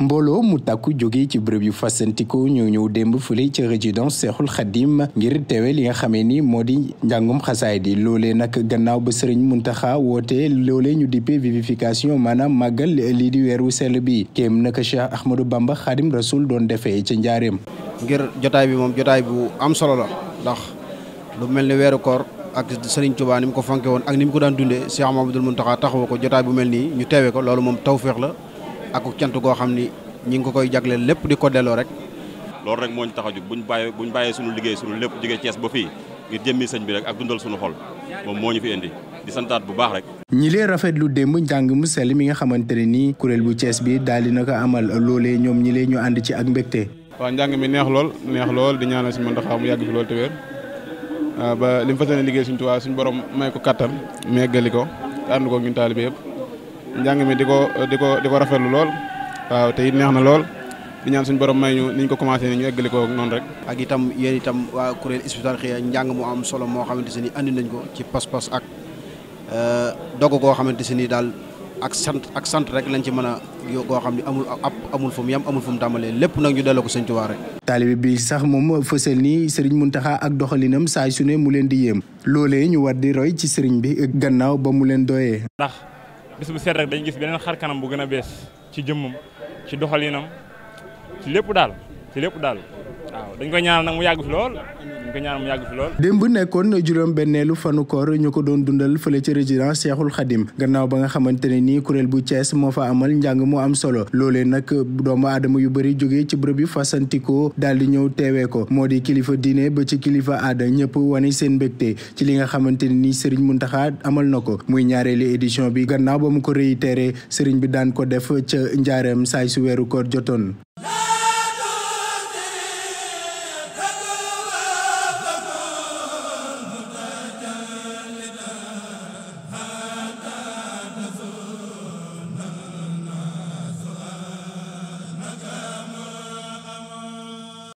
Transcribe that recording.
mbooloo mu tàkku jóge ci bërëb yu fasantikoo ñu ñëw démb fële ci résidence Seexul Xadim ngir teewe li nga xamee ni moo di njàngum xasaay di loolee nag gannaaw ba sëriñ Muntaxa woote loolee ñu dippee vivification maanaam màggal lii di weeru sell bi kéem naka Cheikh Ahmadou Bamba Xadim Rasul doon defee ca njaareem ngir jotaay bi moom jotaay bu am solo la ndax lu mel ni weeru koor ak Serigne Touba ni mu ko fanke woon ak ni mu ko daan dundee Cheikh Mamadou Mountakha ko jotaay bu mel nii ñu teewee ko loolu moom tawféex la ak cant koo xam ni ñi ngi ko koy jagleel lépp di ko delloo rek. loolu rek moo ñu tax a bu ñu bàyyee bu bàyyee sunu liggéey sunu lépp jógee Thiès ba fii ngir jëmmi sëñ bi rek ak dundal sunu xol moom moo ñu fi indi di santaat bu baax rek. ñi lee rafetlu démb njàng mu sell mi nga xamante ne nii kuréel bu cees bi daal di na ko amal loolee ñoom ñi lee ñu ànd ci ak mbégte. waaw njàng mi neex lool neex lool di ñaanal si man ndax mu yàgg fi lool te wér ba li mu fas yéene liggéey suñu Tuubaa suñu borom may ko kattan mu ko ànd ko ñun taalibe yëpp njàng mi di ko di ko di ko rafetlu lool waaw te it neex na lool di ñaan suñu borom may ñu ni ñu ko commencé ni ñu eggali ko noonu rek ak itam yéen itam waa kuréel Hizbut Tarqiyyah njàng mu am solo moo xamante se ni andi nañ ko ci pas-pas ak euh, dogu goo xamante si nii daal ak sant ak sant rek lañ ci mën a goo xam ne amul ab amul fu yam amul fu mu tàmbalee lépp nag ñu delloo ko sëñ Tuubaa rek taalibe bi sax moom fësal ni sëriñ Muntaxa ak doxalinam saay su mu leen di yéem loolee ñu war di roy ci sëriñ bi gannaaw ba mu leen doyee bis bu set rek dañu gis beneen xar kanam bu gën a bees ci jëmmam ci doxaliinam ci lépp daal ci lépp daal. dañ ko ñaanal lool démb nekkoon juróom benneelu fanu koor ñu ko doon dundal fële ci résidence Cheikhoul Khadim gannaaw ba nga xamante ne nii kuréel bu cees moo fa amal njàng mu am solo loolee nag doomu aadama yu bëri jóge ci bërëb yu fasantikoo daal di ñëw teewee ko moo di kilifa diine ba ci kilifa aada ñëpp wane seen mbégte ci li nga xamante ne nii Serigne Mountakha amal na ko muy ñaareelu édition bi gannaaw ba mu ko réitéré Serigne bi daan ko def ca njaareem saay su weeru koor jotoon